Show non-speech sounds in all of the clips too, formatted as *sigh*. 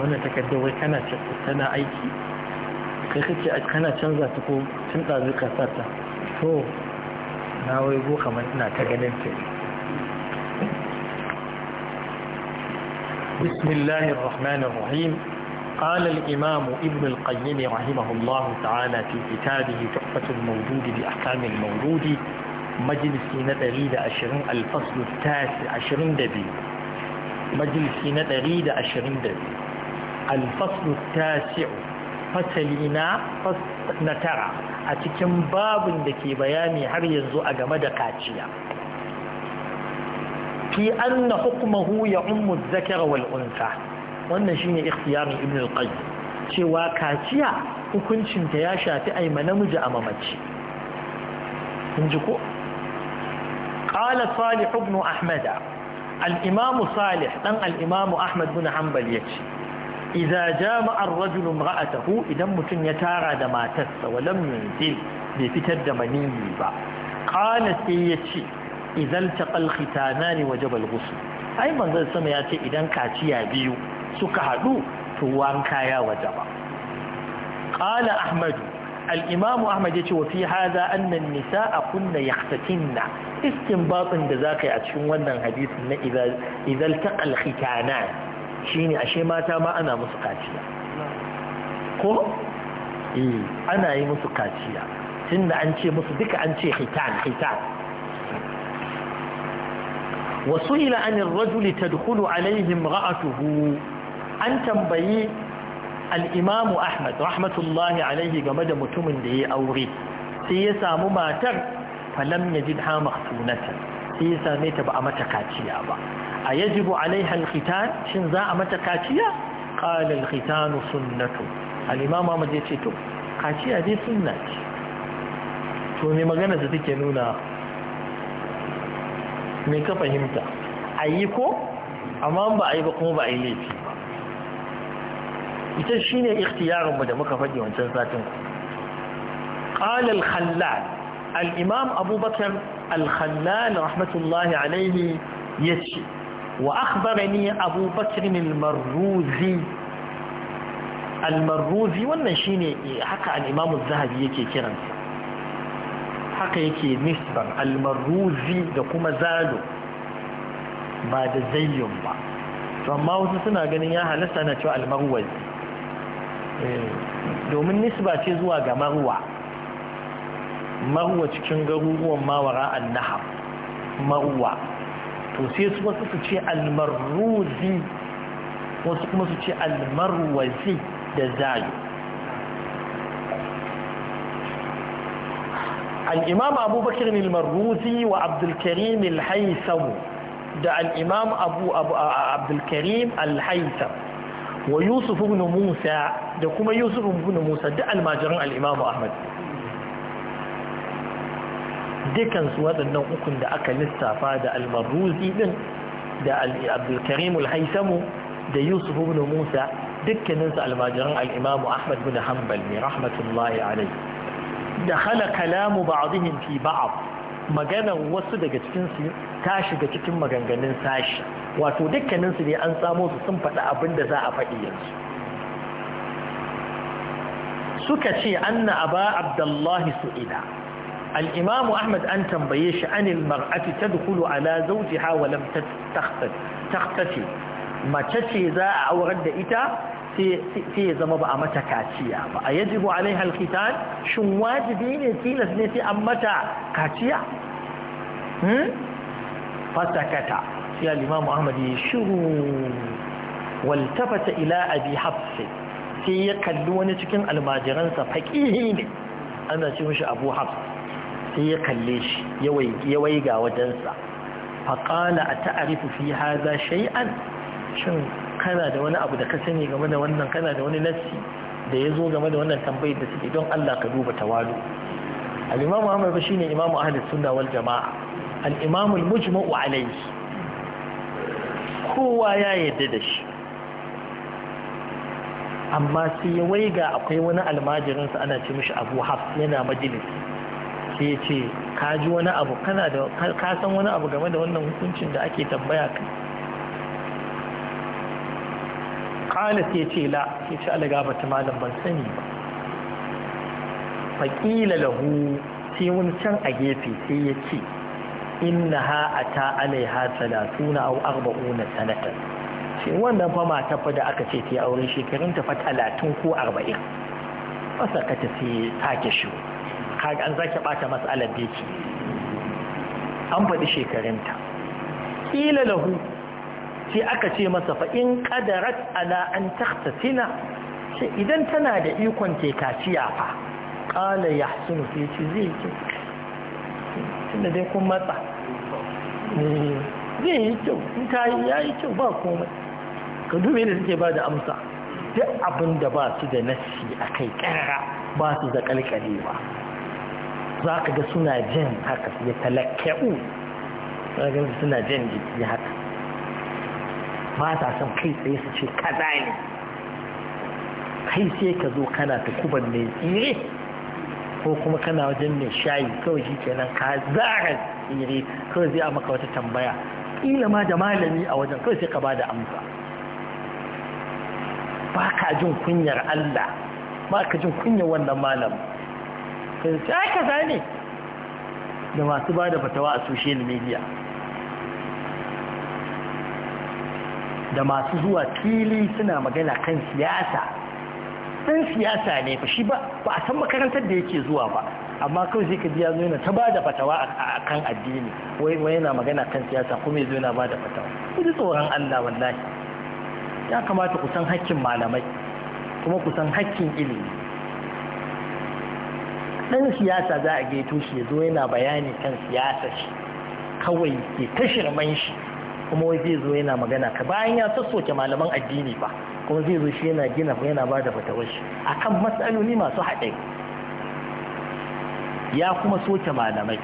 wannan takardar wai kana tana aiki kai kace kana canza ta ko tun ɗazu ka sata to na wai go kamar ina ta ganin ta بسم الله الرحمن الرحيم قال الإمام ابن القيم رحمه الله تعالى في كتابه تحفة الموجود بأحكام المولود مجلس نتريد أشرين الفصل التاسع عشرين دبي مجلس نتريد أشرين دبي alfaslu tasi'u fasali na na tara a cikin babin da ke bayani har yanzu a game da kaciya fi anna hukmuhu ya ummu zakara wal unsa wannan shine ikhtiyarin ibn al-qayyim cewa kaciya hukuncinta ya shafi aima namiji a mamaci in ji ko qala salih ibn ahmad al-imam salih dan al-imam ahmad ibn hanbal yace Iza jama'a ar-rajul idan mutum ya tara da matarsa walam yunzil bai fitar da maniyi ba qala sai yace idan taqal khitanani wajaba al-ghusl ai manzon sama ya ce idan kaciya biyu suka hadu to wanka ya wajaba qala ahmad al-imam ahmad ce wa fi hadha anna an-nisaa kunna iskin istinbatin da zakai a cikin wannan hadisin na idza taqal khitanani shine ashe mata ma ana musu kaciya ko eh ana yi musu kaciya tunda an ce musu duka an ce hitan hitan wasu ila anin rajuli tadkhulu alaihim ra'atuhu an tambayi al'imamu Ahmad rahmatullahi alaihi game da mutumin da ya aure sai ya samu matar falam ya ji sai ya same ta ba a mata kaciya ba a bu alaiha alkhitan shin za a mata kaciya qala alkhitanu sunnatu al-imam Ahmad yace to kaciya dai sunna ce to me magana da take nuna me ka fahimta ayi ko amma ba ayi ba kuma ba ayi laifi ba ita shine ikhtiyarin mu da muka faɗi wancan satin qala al-khallal al-imam الخلال رحمة الله عليه wa وأخبرني أبو بكر المروزي المروزي wannan shine haka al-Imam az-Zahabi yake kiransa haka yake nisban al-Marruzi da kuma zalo ba da Zayyun ba to amma wasu suna ganin ya halasta na cewa al-Marwazi domin nisba ce zuwa ga Marwa marwa cikin garuruwan mawara an nahar marwa to sai su wasu su ce almarruzi wasu kuma su ce almarwazi da zayu al'imam abubakar almarruzi wa abdulkarim alhaisamu da al'imam abu abdulkarim alhaisam wa yusuf ibn musa da kuma yusuf ibn musa da almajiran al'imamu ahmad dukansu waɗannan ukun da aka lissafa da almaruzi ɗin da abdulkarim alhaisamu da yusuf ibn musa dukkaninsu almajiran al'imamu ahmad bin hanbal ne rahmatullahi alai da hala kalamu ba'dihim fi ba'd magana wasu daga cikinsu ta shiga cikin maganganun sashi wato dukkaninsu ne an samo su sun faɗi abin da za a faɗi yanzu suka ce anna aba su su'ila الإمام أحمد أن تنبيش أن المرأة تدخل على زوجها ولم تختفي ما تشي ذا أو رد إتا في زمب أمتا كاتيا يجب عليها الختان شو دين في لسنة أمتا كاتيا فسكت يا الإمام أحمد يشرو والتفت إلى أبي حفص في يكلون تكن الماجران سفكيه أنا شمش أبو حفص sai ya kalle shi ya waiga wajensa faƙala a ta'arifu fi haza shay'an shin kana da wani abu da ka sani game da wannan kana da wani nassi da ya zo game da wannan tambayar da suke don Allah ka duba tawalu al-imamu Ahmad ba shine imamu ahlus sunna wal jama'a al-imamu al-mujma'u alayhi kowa ya yarda da shi amma sai ya waiga akwai wani almajirinsa ana ce mishi Abu Hafs yana majalisi sai ya ce ka ji wani abu kana da ka san wani abu game da wannan hukuncin da ake tambaya kai kana sai ya ce la sai ce ba ta malam ban sani ba faƙila lahu sai wani can a gefe sai ya ce innaha ata alaiha talatuna aw arba'una sanatan sai wannan fa mata fa da aka ce ta auren shekarun ta fa talatin ko arba'in fasa ka ta sai take shi kaga an zaki bata matsalar da an faɗi shekarunta ƙila lahu sai aka ce masa fa'in ƙadarat ala an taktasila Sai idan tana da ikon tekaciya fa ƙala ya suna fi ce zai yi kyau tunda dai kun matsa eh, zai yi kyau in ta yi ya yi kyau ba komai ka dube da suke ba da amsa duk abin da ba su da nassi a kai ƙarara ba su da ƙalƙalewa za ka ga suna jin haka ya talakke'u za ka ga suna jin jiki haka ba ta son kai tsaye su ce kaza ne kai sai ka zo kana ta kuban mai tsire ko kuma kana wajen mai shayi kawai shi kenan ka zara tsire kawai zai maka wata tambaya Ƙila ma da malami a wajen kawai sai ka ba da amsa ba ka jin kunyar Allah ba ka jin kunyar wannan malam sai kaza ne da masu ba da fatawa a social media da masu zuwa fili suna magana kan siyasa ɗan siyasa ne ba shi ba a san makarantar da yake zuwa ba amma kawai zai ka ji ya ta ba da fatawa a kan addini wai yana magana kan siyasa kuma ya zo yana ba da fatawa ku tsoron allah wallahi ya kamata ku san hakkin malamai kuma ku san hakkin ilimi ɗan siyasa za a gaito shi ya zo yana bayani kan siyasa shi kawai ke man shi kuma wai zai zo yana magana ka bayan ya sassoke malaman addini ba kuma zai zo shi yana gina yana bada da fatawar shi akan matsaloli masu haɗari ya kuma soke malamai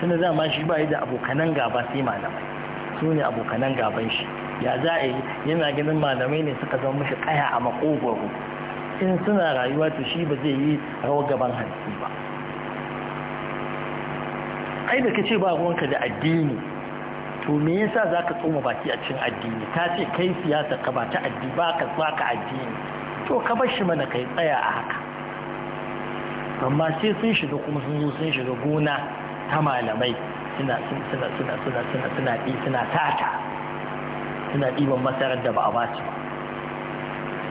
suna ma shi ba da abokanan gaba sai malamai su ne abokanan gaban shi ya za a yi yana ganin malamai ne suka zama mashi kaya a makogwaro in suna rayuwa to shi ba zai yi rawar gaban hanci ba ai da ka ce ba ruwanka da addini to me yasa za ka tsoma baki a cikin addini ta ce kai siyasa ka ba ta addini ba ka ka addini to ka bar shi mana kai tsaya a haka amma sai sun shiga kuma sun zo sun shiga gona ta malamai suna suna suna suna suna suna suna tata suna ɗiban masarar da ba a ba su ba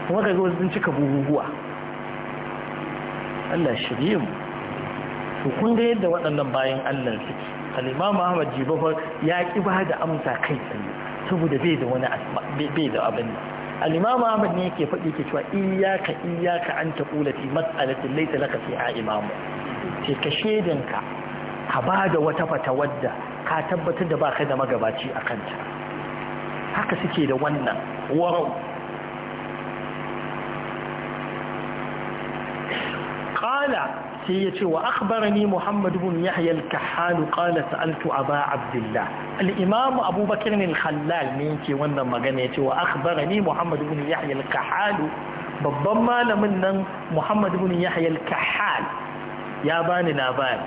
kuma ga wasu sun cika buhuhuwa Allah shirye mu to kun ga yadda waɗannan bayan Allah suke al Ahmad Jibafar ya ki ba da amsa kai tsaye saboda bai da wani bai da abin nan Ahmad ne yake faɗi ke cewa iyaka iyaka an taqula fi mas'alatin ta laka a imamu ce ka shedanka ka ba da wata wadda ka tabbatar da baka da magabaci a kanta haka suke da wannan warau qala sai ce wa akhbarani muhammad ibn yahya al-kahhal qala sa'altu aba abdullah al-imam abubakar al-khallal ne yake wannan magana yace wa akhbarani muhammad ibn yahya al babban malamin nan muhammad ibn yahya al ya bani labari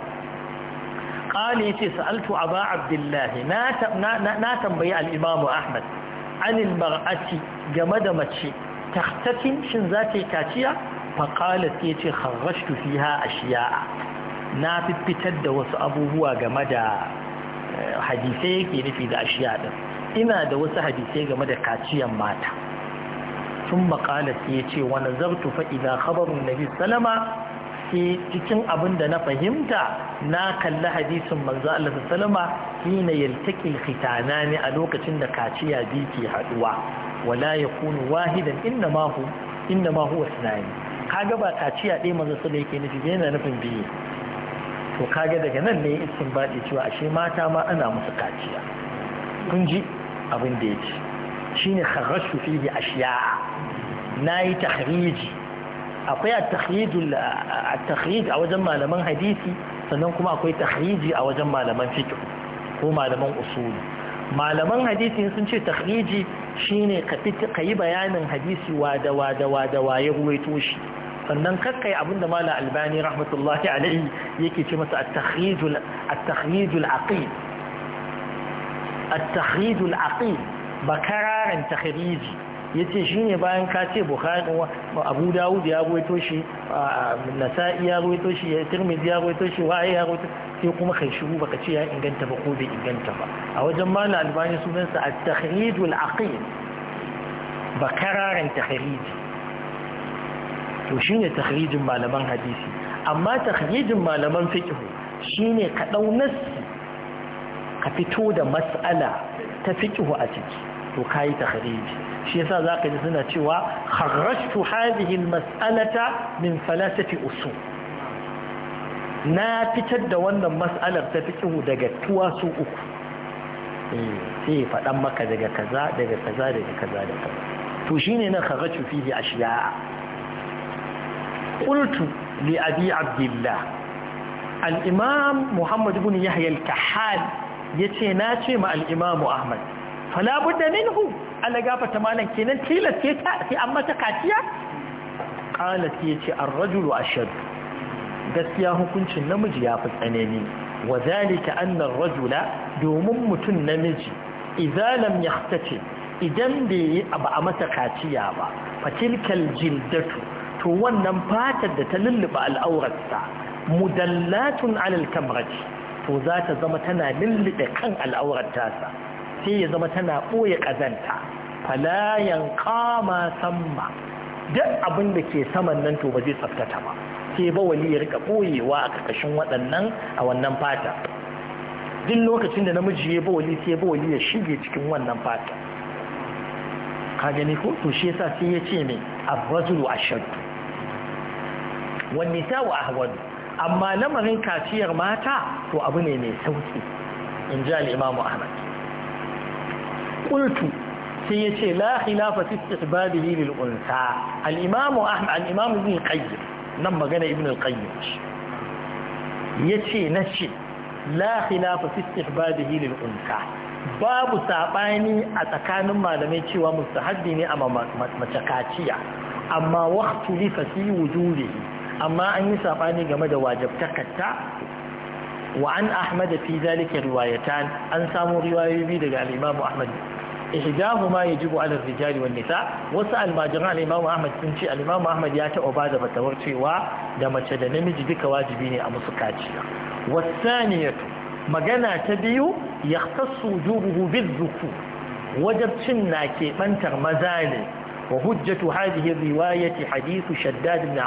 qala yace sa'altu aba abdullah na na tambayi al-imam ahmad an al-mar'ati game da mace tahtatin shin za ta yi kaciya faƙalat ya ce ha a ashiya'a na fitar da wasu abubuwa game da eh, hadisai yake nufi da ashiya din ina da wasu hadisai game da kaciyan mata sun maƙalat ya ce wani zartu fa'iza khabarun nabi salama sai cikin abin da na fahimta na kalli hadisin manzo Allah sallama hina fitana ne a lokacin da kaciya biyu ke haɗuwa wala yakunu wahidan inna ma hu inna ma sunani kaga ba kaciya ɗaya maza su da yake nufi na nufin biyu to kaga daga nan ne iskin baɗi cewa ashe mata ma ana musu kaciya kun ji abin da ya ce shi ne kharashu fihi ashiya na yi tahriji akwai a tahriji a wajen malaman hadisi sannan kuma akwai tahriji a wajen malaman fiqh ko malaman usuli malaman hadisi sun ce tahriji shine ka yi bayanin hadisi wada wada wada waye ruwaito shi sannan kakkai abinda mala albani rahmatullahi alaihi yake ce masa at-takhrijul aqid at bakararan takhriji yace shine bayan ka ce bukhari abu dawud ya goyito shi nasa'i ya goyito shi tirmidhi ya shi ya kuma kai shiru baka ce ya inganta ba ko bai inganta ba a wajen mala albani sunansa at-takhrijul aqid bakararan takhriji to shine takhrijin malaman hadisi amma takhrijin malaman fiqh shine ka dau nassi ka fito da mas'ala ta fiqh a ciki to kai takhriji shi yasa zaka ji suna cewa kharrajtu hadhihi al min thalathati usul na fitar da wannan mas'alar ta fiqh daga su uku eh, sai faɗan maka daga kaza daga kaza daga kaza daga kaza to shine na kharrajtu fihi ashiya'a Kultu li abi abdullah al-imam muhammad ibn yahya al-kahal yace na ce ma al-imam ahmad fala budda minhu ala gafata malan kenan tilas ce ta sai an mata kaciya qalat yace ar-rajulu ashad gaskiya hukuncin namiji ya fi tsanani wa zalika anna ar-rajula domin mutum namiji idza lam idan bai yi abu a masa kaciya ba fatilkal jildatu to wannan fatar da ta lullufa al'aurarsa mudallatun alal kamrati to za ta zama tana lullufa kan al'auratsa sai ya zama tana ɓoye ƙazanta falayan kama samma duk abin da ke saman nan to ba zai tsaftata ba sai ba wani ya rika ɓoyewa a ƙarƙashin waɗannan a wannan fata duk lokacin da namiji ya ba wali sai ba wali ya shige cikin wannan fata ka gani ko to shi yasa sai ya ce ne abrajulu ashaddu wani sawa ahwadu amma lamarin kaciyar mata to abu ne mai sauki in ji al'imamu ahmad ƙultu sai ya ce la khilafa ba da lil unsa al-imamu ahmad al-imamu ibn qayyim nan magana ibn ce na ce, la khilafa fi istihbabihi lil unsa babu saɓani a tsakanin malamai cewa haddi ne a mace kaciya amma waqtu li fi wujudihi amma an yi saɓani game da wajabtakarta wa an ahmada fi zalika riwayatan an samu riwayoyi daga al-imam ahmad ihdahuma yajibu ala rijali wan nisa wasu almajiran al-imam ahmad sun ce al-imam ahmad ya taɓa ba da fatawar cewa da mace da namiji duka wajibi ne a musu kaciya wasaniyatu magana ta biyu yahtassu wujubuhu bizzuku wajabcin na keɓantar maza ne wa hujjatu hadhihi riwayati hadithu shaddad ibn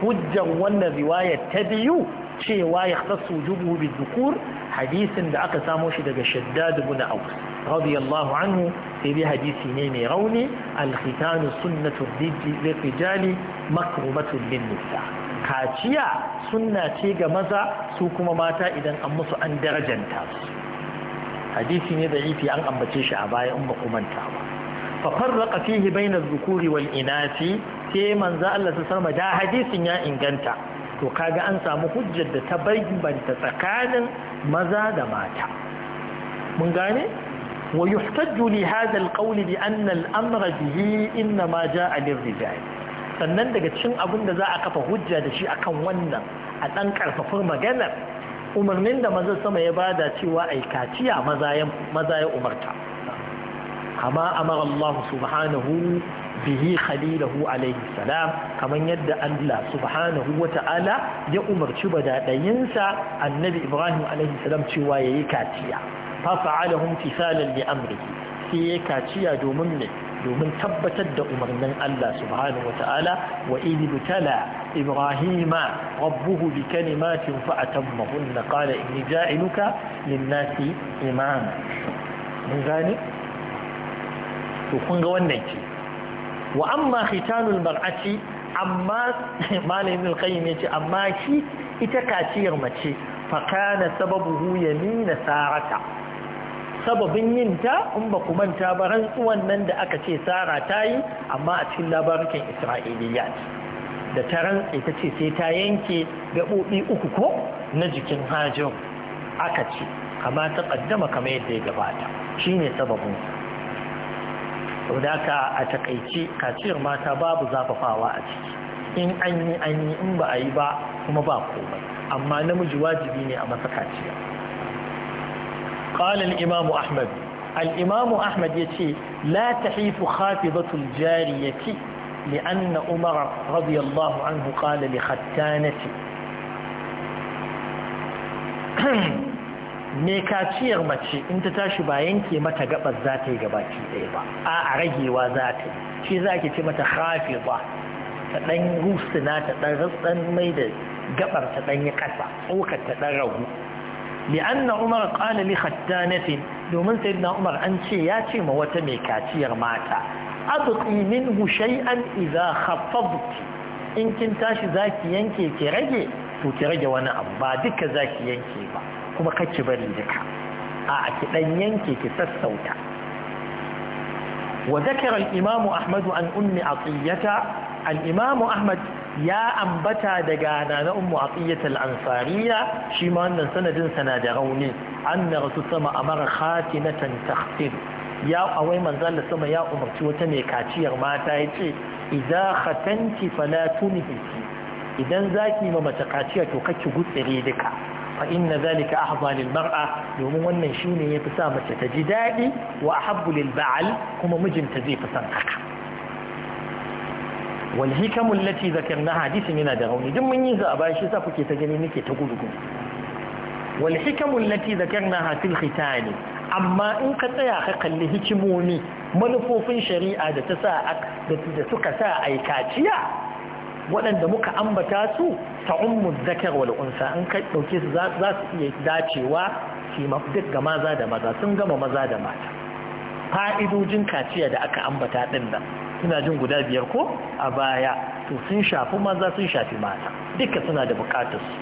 hujjan wannan riwaya ta biyu cewa ya khassu jubu bi dukur hadisin da aka samo shi daga shaddad ibn aus radiyallahu anhu sai hadisi ne mai rauni al-khitan sunnatu rijali makrumatu lin nisa kaciya sunna ce ga maza su kuma mata idan an musu an darajanta su hadisi ne da ifi an ambace shi a baya in ba ku manta ba fa farraqa fihi bayna adh-dhukuri wal inasi sai manzo Allah ta sarma da hadisin ya inganta to kaga an samu hujjar da ta banta tsakanin maza da mata mun gane wa yuhtaju li hadha alqawl bi anna al-amra bihi inna ma jaa lirrijal sannan daga cikin abin da za a kafa hujja da shi akan wannan a dan karfafar maganar umarnin da maza sama ya bada cewa aikaciya kaciya maza ya umarta kama amara Allah subhanahu bihi khalilahu alaihi salam kamar yadda Allah subhanahu wa ta'ala ya umarci badadayinsa annabi Ibrahim alaihi salam cewa yayi kaciya fa fa'alahum tisalan li amrihi sai yayi kaciya domin ne domin tabbatar da umarnin Allah subhanahu wa ta'ala wa idi butala Ibrahima rabbuhu bi kalimatin fa atammahunna qala inni ja'iluka lin-nasi to kun ga wannan ke wa amma khitanul mar'ati amma *laughs* malamin al-qayyim yace amma shi ita kaciyar mace fa kana sababuhu yamina sarata sababin yin ta in ba ku manta ba rantsuwan nan da aka ce sara ta yi amma a cikin labarukan isra'iliya da ta rantsa ta ce sai ta yanke gaɓoɓi uku ko na jikin hajjin aka ce kama ta ƙaddama kama yadda ya gabata shine sababinsa sau da a takaice kaciyar mata babu zafafawa a ciki in an yi an yi in ba a yi ba kuma ba komai amma namiji wajibi ne a masa kaciya ƙalin imam ahmad al’imamu ahmad ya ce la ta haifu hafi batul jari ya ki li an na umar radiyallahu an hukali hattanati *clears throat* me kaciyar mace in ta tashi ba yanke mata gabas za ta yi gabaki ɗaya ba a a ragewa za ta yi shi za ki ce mata hafi ba ta ɗan rusuna ta ɗan ratsan mai da gabar ta ɗan yi ƙasa tsokar ta ɗan ragu li'anna umar qala li khattanatin domin na umar an ce ya ce ma wata mai kaciyar mata abqi minhu shay'an idza khaffadti in kin tashi zaki yanke ki rage to ki rage wani abu ba duka zaki yanke ba kuma kake bari duka a ki dan yanke ki sassauta wa zakara al-imam ahmad an ummi atiyata al-imam ahmad ya ambata daga nana ummu atiyata al-ansariya shi ma wannan sanadin sana da rauni anna rasul sama amara khatinatan takhtir ya awai manzon da sama ya umarci wata mai kaciyar mata yace idza khatanti fala tunhi idan zaki ma mace kaciya to kake gutsire duka fa inna zalika ahza lil mar'a domin wannan shine ya sa mace ta ji daɗi wa ahabbu lil ba'al kuma mijinta zai fi san haka wal hikamu allati hadisin yana da rauni duk mun yi za shi bashi sa kuke ta gani nake ta gudu wal hikamu allati zakarna fil khitani amma in ka tsaya ka kalli hikimomi manufofin shari'a da ta sa da suka sa waɗanda muka ambata su ta ummu zakar wa la'unsa in ka ɗauke su za su iya dacewa su duk ga maza da maza sun gama maza da mata fa'idojin kaciya da aka ambata ɗin nan suna jin guda biyar ko a baya to sun shafi maza sun shafi mata duka suna da bukatarsu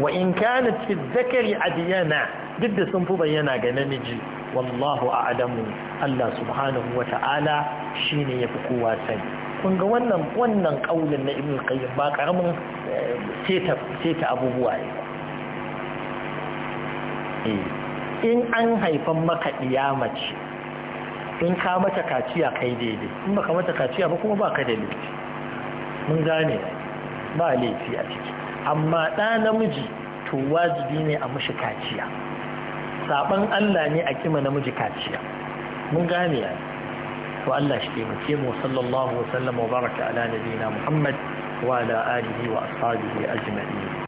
wa in kana fi zakari adiyana duk da sun fi bayyana ga namiji wallahu a'lamu Allah subhanahu wa ta'ala shine yafi kowa sani kun ga wannan wannan kaulin na ibn qayyim ba karamin eh, seta seta abubuwa ne eh, in an haifan maka diyama ce in ka mata kaciya kai daidai in baka mata kaciya ba kuma baka da laifi mun gane ba laifi a ciki amma ɗa namiji to wajibi ne a mashi kaciya saban Allah ne a kima namiji kaciya mun gane ya وألا شتيمة كيمو وصلى الله وسلم وبارك على نبينا محمد وعلى آله وأصحابه أجمعين